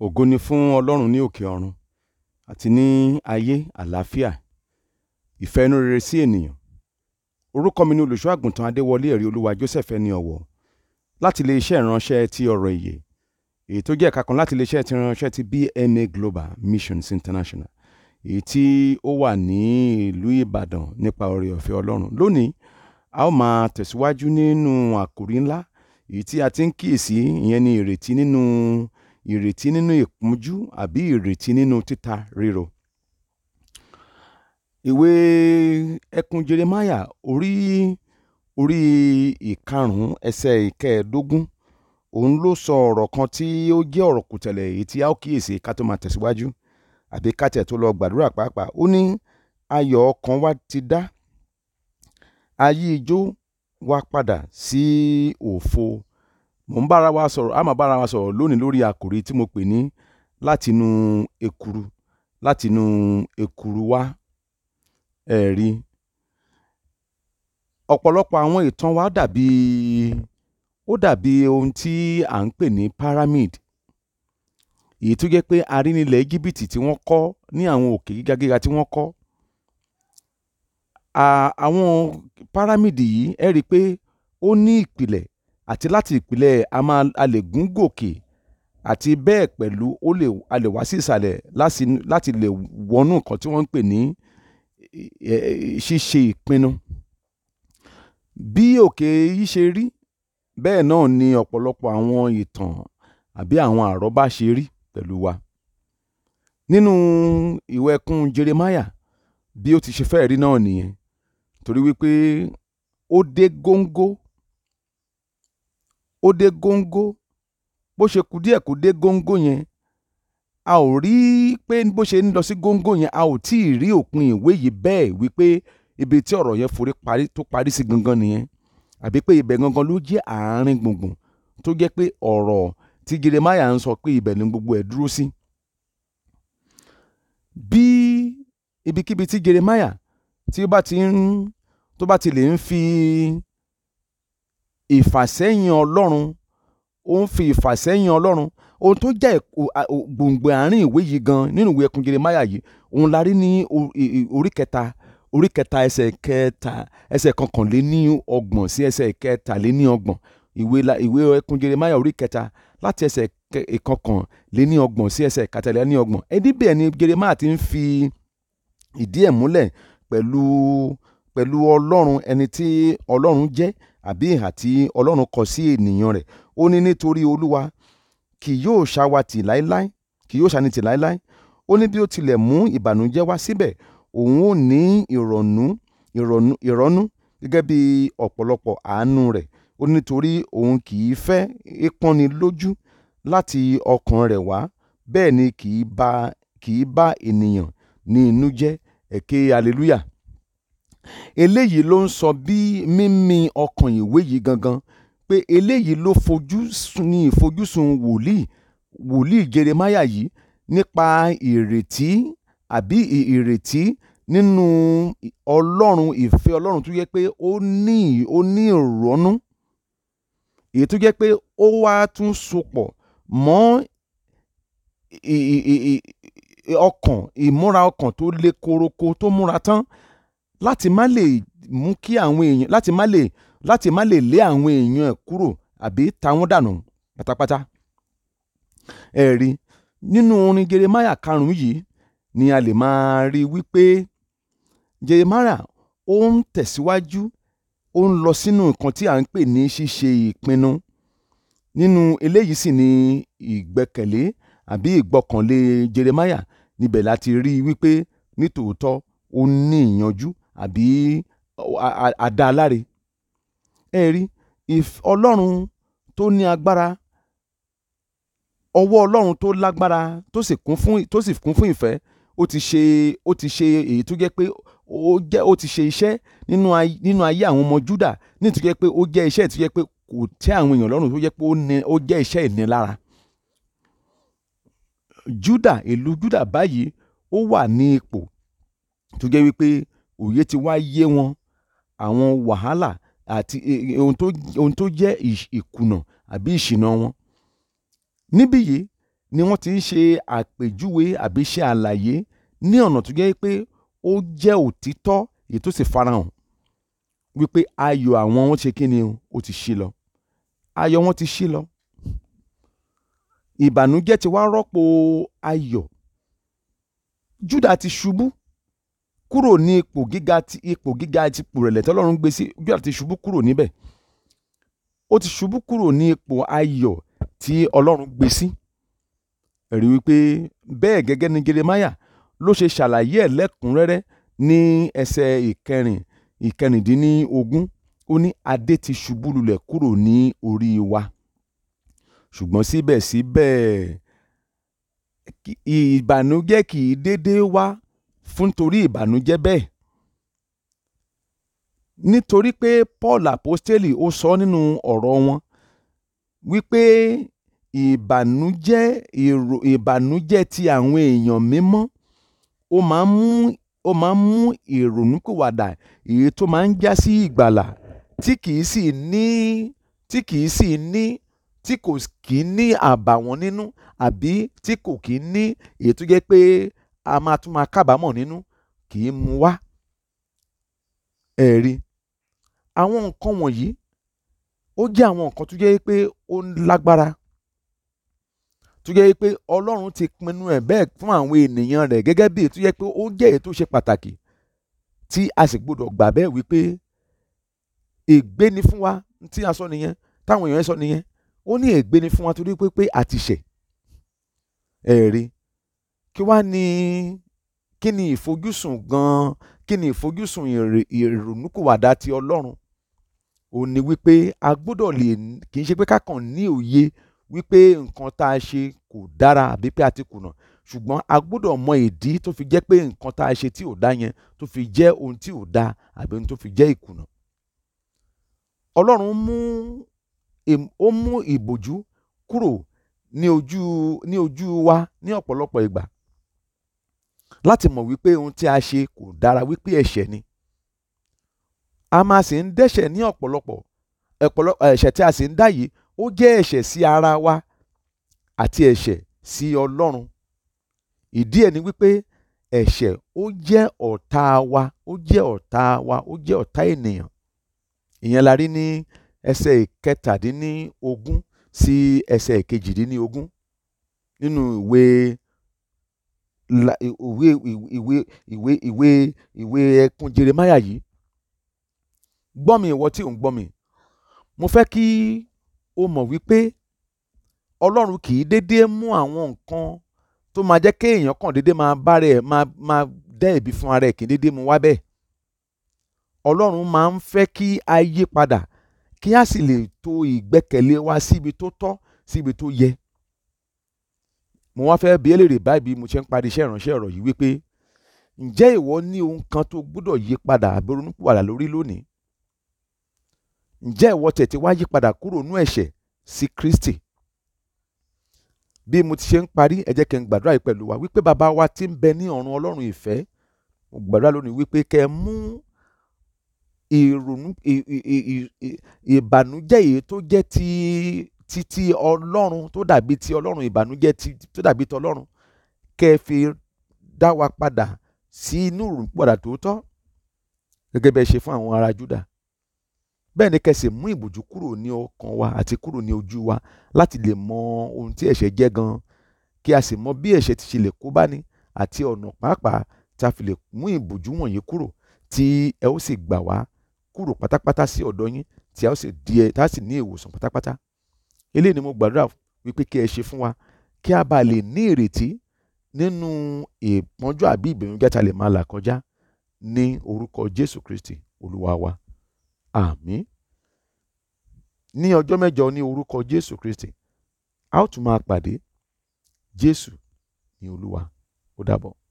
ògo ni fún ọlọ́run ní òkè ọ̀run àti ní ayé àlàáfíà ìfẹ́ inú rere sí ènìyàn orúkọ mi ni olùṣọ́ adéwọlé ẹ̀rí olúwa joseph ẹni ọ̀wọ̀ láti iléeṣẹ́ ìránṣẹ́ ti ọ̀rọ̀ ìyè èyí tó jẹ́ ẹ̀ka kan láti iléeṣẹ́ ti ìránṣẹ́ ti bma global missions international èyí tí ó wà ní ìlú ìbàdàn nípa ọ̀rẹ́ ọ̀fẹ́ ọlọ́run lónìí a ó máa tẹ̀síwájú nínú àkòrí ńlá èyí tí a ti ń kíyèsí ìyẹn ni ìrètí nínú ìrètí nínú ìpọ́njú àbí ìrètí nínú títa rírọ̀. ìwé ẹkùn jeremáyà orí orí ìkarùn-ún ẹsẹ̀ ìkẹẹ̀ẹ́dógún òun ló sọ ọ̀rọ̀ kan tí ó jẹ́ ọ̀rọ̀ kùtẹ̀lẹ̀ èyí tí a ó kíyèsí ká tó máa tẹ̀síwájú àbí ká tó lọ gbàdúrà pàápàá ó ní ayọ̀ ọkàn wa ti dá ayé ijó wa padà sí òfo mò ń bára wa sọ̀rọ̀ a máa bára wa sọ̀rọ̀ lónìí lórí àkòrí tí mo pè ní látinú ekuru látinú ekuru wá ẹ̀rí ọ̀pọ̀lọpọ̀ àwọn ìtàn wa dàbí ó dàbí ohun tí à ń pè ní pyramid èyí tó jẹ́ pé a rí nílẹ̀ íjíbítì tí wọ́n kọ́ ní àwọn òkè gíga tí wọ́n kọ́ àwọn pyramid yìí ẹ rí i pé ó ní ìpìlẹ̀ àti láti ìpìlẹ̀ a máa a lè gún gòkè àti bẹ́ẹ̀ pẹ̀lú ó lè a lè wá sí ìsàlẹ̀ láti lè wọnú nǹkan tí wọ́n ń pè ní ṣíṣe ìpinnu bí òkè yìí ṣe rí bẹ́ẹ̀ náà ni ọ̀pọ̀lọpọ̀ àwọn ìtàn àbí àwọn àrọ́bá ṣe rí pẹ̀lú wa nínú ìwé ẹkún Jeremiah bí ó ti ṣe fẹ́ rí náà nìyẹn torí wípé ó dé góńgó ó dé góńgó bó ṣe kù díẹ̀ kó dé góńgó yẹn a ò rí i pé bó ṣe ń lọ sí góńgó yẹn a ò tí ì rí òpin ìwé yìí bẹ́ẹ̀ wípé ibi tí ọ̀rọ̀ yẹn forí parí tó parí sí gangan nìyẹn àbí pé ibẹ̀ gangan ló jẹ́ àárín gbùngbùn tó jẹ́ pé ọ̀rọ̀ tí Jeremiah ń sọ pé ibẹ̀ ni gbogbo ẹ̀ dúró sí. bí ibikíbi tí Jeremiah tí ó bá ti ń tó bá ti lè ń fi ìfàsẹ́yìn ọlọ́run ó ń fi ìfàsẹ́yìn ọlọ́run ohun tó jẹ́ gbòǹgbò àárín ìwé yìí gan nínú ìwé ẹkùn Jeremáyà yìí òun la rí ní orí kẹta orí kẹta ẹsẹ̀ kẹta ẹsẹ̀ kọkànléní ọgbọ̀n sí ẹsẹ̀ kẹtàléní ọgbọ̀n ìwé ìwé ẹkùn Jeremáyà orí kẹta láti ẹsẹ̀ kọkànléní ọgbọ̀n sí ẹsẹ̀ kẹtàléní ọgbọ̀n ẹni bẹ́ẹ̀ ni Jeremáyà ti ń fi ìdí ẹ̀ múlẹ̀ pẹ̀lú pẹ̀lú ọlọ́run ẹni tí ọlọ́run jẹ́ àbí ìhà tí ọlọ́run kọ sí ènìyàn rẹ̀ ó ní nítorí olúwa kì yóò ṣàwátì láéláé kì yóò ṣànitì láéláé ó ní bí ó tilẹ̀ mú ìbànújẹ́ wá síbẹ̀ òun ò ní ìrọ̀nú ìrọ̀nú ìrọ̀nú gẹ́gẹ́ bí ọ̀pọ̀lọpọ̀ àánú rẹ̀ ó nítorí òun kì í fẹ́ ìpọ́nni lójú láti ọkàn rẹ̀ wá bẹ́ẹ̀ ni kì í bà ènìyàn ní inú jẹ́ ẹ̀kẹ́ hallelujah eléyìí ló ń sọ bí mímí ọkàn ìwé yìí gangan pé eléyìí ló fojú ní ìfojúsùn wòlíì wòlíì jeremáyà yìí nípa ìrètí àbí ìrètí nínú ọlọ́run ìfẹ́ ọlọ́run tó yẹ pé ó ní ó ní ìrònú èyí tó jẹ́ pé ó wá tún sopọ̀ mọ́ ọkàn ìmúra ọkàn tó le koroko tó múra tán láti má lè mú kí àwọn èèyàn láti má lè láti má lè lé àwọn èèyàn ẹ̀ kúrò àbí ta wọ́n dànù pátápátá. ẹ̀rí nínú orin Jeremáyà karùn-ún yìí ni a lè máa rí wípé Jeremáyà ó ń tẹ̀síwájú ó ń lọ sínú nǹkan tí à ń pè ní ṣíṣe ìpinnu nínú eléyìí sì ni ìgbẹ́kẹ̀lé àbí ìgbọ́kànlé Jeremáyà níbẹ̀ láti rí wípé nítòótọ́ ó ní ìyanjú àbí àdá aláre ẹ rí ọlọ́run tó ní agbára ọwọ́ ọlọ́run tó lágbára tó sì kún fún tó sì kún fún ìfẹ́ ó ti ṣe ó ti ṣe èyí tó jẹ́ pé ó jẹ́ ó ti ṣe iṣẹ́ nínú ayé nínú ayé àwọn ọmọ Júdà ní tó jẹ́ pé ó jẹ́ iṣẹ́ tó jẹ́ pé kò tẹ́ àwọn èèyàn lọ́rùn tó jẹ́ pé ó jẹ́ iṣẹ́ ìnilára Júdà ìlú Júdà báyìí ó wà ní ipò tó jẹ́ wípé òye ti wá yé wọn àwọn wàhálà àti e, e, ohun tó ohun tó jẹ́ ìkùnà àbí ìṣìnà wọn. níbí yìí ni wọ́n ti ń ṣe àpèjúwe àbí ṣe àlàyé ní ọ̀nà tó jẹ́ pé ó jẹ́ òtítọ́ èyí tó sì farahàn wípé ayọ̀ àwọn wọn ṣe kíni ó ti ṣí lọ ayọ̀ wọn ti ṣí lọ ìbànújẹ́ ti wá rọ́pò ayọ̀ Júdà ti ṣubú kúrò ní ipò gíga ti ipò gíga ti ipò rẹ̀lẹ̀ tọ́lọ́run gbé sí ojú àti ṣubú kúrò níbẹ̀ ó ti ṣubú kúrò ní ipò ayọ̀ tí ọlọ́run gbé sí rí wípé bẹ́ẹ̀ gẹ́gẹ́ ni Jeremáyà ló ṣe ṣàlàyé ẹ̀ lẹ́kùnrẹ́rẹ́ ní ẹsẹ̀ ìkẹrin ìkẹrìndínlógún ó ní adé ti ṣubú lulẹ̀ kúrò ní orí wa ṣùgbọ́n síbẹ̀síbẹ̀ ìbànújẹ́ kì í dédé wá fún torí ìbànújẹ́ bẹ́ẹ̀ nítorí pé Paul apostoli ó sọ nínú ọ̀rọ̀ wọn wípé ìbànújẹ́ ìbànújẹ́ ti àwọn èèyàn mímọ́ ó máa ń mú ó máa ń mú ìrònúpìwàdà èyí tó máa ń já sí ìgbàlà tí kìí sì ní tí kìí sì ní tí kò kìí ní àbàwọ́n nínú àbí tí kò kìí ní èyí tó jẹ́ pé a máa tún máa kábàámọ̀ nínú kì í mu wá ẹ̀rí àwọn nǹkan wọ̀nyí ó jẹ́ àwọn nǹkan tó jẹ́ pé ó lágbára tó jẹ́ pé Ọlọ́run ti pinnu ẹ̀ bẹ́ẹ̀ fún àwọn ènìyàn rẹ̀ gẹ́gẹ́ bí ètò jẹ́ pé ó jẹ́ èyí tó ṣe pàtàkì tí a sì gbọdọ̀ gbà bẹ́ẹ̀ wípé ègbé ni fún wa tí a sọ nìyẹn táwọn èèyàn sọ nìyẹn ó ní ègbé ni fún wa torí pé àtìṣe ẹ̀rí kí wá ní kí ni ìfojúsùn gan-an kí ni ìfojúsùn ìrònúkùwàdà ti ọlọ́run ò ní wípé a gbọ́dọ̀ lè kì í ṣe pé ká kàn ní òye wípé nǹkan tá a ṣe kò dára àbí pé a ti kùnà ṣùgbọ́n a gbọ́dọ̀ mọ ìdí tó fi jẹ́ pé nǹkan tá a ṣe tí ò dá yẹn tó fi jẹ́ ohun tí ò dá àbí ohun tó fi jẹ́ ìkùnà. ọlọ́run mú ó mú ìbòjú kúrò ní ojú wa ní ọ̀pọ̀lọpọ̀ ìgbà láti mọ̀ wípé ohun tí a ṣe kò dára wípé ẹ̀ṣẹ̀ ni a máa sì ń dẹ́ṣẹ̀ ní ọ̀pọ̀lọpọ̀ ẹ̀ṣẹ̀ tí a sì ń dá yìí ó jẹ́ ẹ̀ṣẹ̀ sí ara wa àti ẹ̀ṣẹ̀ sí Ọlọ́run ìdí ẹ̀ ni wípé ẹ̀ṣẹ̀ ó jẹ́ ọ̀tá wa ó jẹ́ ọ̀tá wa ó jẹ́ ọ̀tá ènìyàn ìyẹn la rí ní ẹsẹ̀ ìkẹtàdínní ogún sí ẹsẹ̀ ìkejìdínní ogún nínú ìwé ìwé ìwé ìwé ìwé ìwé ẹkún jeremáyà yìí gbọ́ mi ìwọ tí ò ń gbọ́ mi mo fẹ́ kí o mọ̀ wípé ọlọ́run kì í déédéé mú àwọn nǹkan tó máa jẹ́ kéèyàn kàn déédéé máa bá rẹ̀ máa máa dẹ́ ibi fún ara ẹ̀ kì í déédéé mu wá bẹ́ẹ̀ ọlọ́run máa ń fẹ́ kí a yí padà kí a sì lè tò ìgbẹ́kẹ̀lé wa síbi tó tọ́ síbi tó yẹ mo wá fẹ́ bi eléèrè báyìí bí mo ṣe ń parí iṣẹ́ ìránṣẹ́ ọ̀rọ̀ yìí wípé ǹjẹ́ ìwọ ní ohun kan tó gbọ́dọ̀ yí padà àbí lórí lónìí ǹjẹ́ ìwọ tẹ̀tí wá yí padà kúrò nú ẹ̀ṣẹ̀ sí Kristi bí mo ti ṣe ń parí ẹ jẹ́ kí n gbàdúrà yìí pẹ̀lú wa wípé bàbá wa ti ń bẹ ní ọ̀run ọlọ́run ìfẹ́ mo gbàdúrà lónìí wípé kẹ́ mú ìbànújẹ́ èyí tó jẹ́ ti ti ti ọlọ́run tó dàbí ti ọlọ́run ìbànújẹ́ ti tó dàbí ti ọlọ́run kẹ́ ẹ fi dá wa padà sí inú ìrònúpìwàdà tòótọ́ gẹ́gẹ́ bẹ́ẹ̀ ṣe fún àwọn ará Júdà bẹ́ẹ̀ ni kẹsì mú ìbòjú kúrò ní ọkàn wa àti kúrò ní ojú wa láti lè mọ ohun tí ẹ̀ṣẹ̀ jẹ́ gan-an kí a sì mọ bí ẹ̀ṣẹ̀ ti ṣe lè kó bá ní àti ọ̀nà pàápàá tí a fi lè mú ìbòjú wọ̀nyí kúrò tí ẹ ó sì gbà wá kúrò pátápátá sí ọ̀dọ̀ yín tí a ó di ẹ tá a sì ní ìwòsàn pátápátá eléyìí ni mo gbàdúrà wípé kí ẹ ṣe fún wa kí a bá lè ní ìrètí nínú ìpọ́njú àbí ìbẹ̀rùnjẹ́ ta lè máa là kọjá ní orúkọ Jésù Kristi olúwa wa àmín ní ọjọ́ mẹ́jọ ní orúkọ Jésù Kristi a ó tún máa pàdé Jésù ní olúwa ó dàbọ̀.